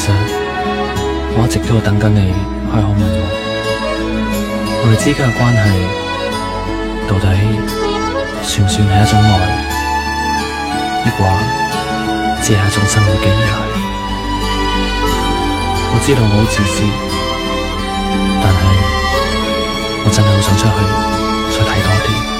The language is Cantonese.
其實我一直都等緊你開口問我，我哋之間嘅關係到底算唔算係一種愛？抑或只係一種生活嘅依賴？我知道我好自私，但係我真係好想出去再睇多啲。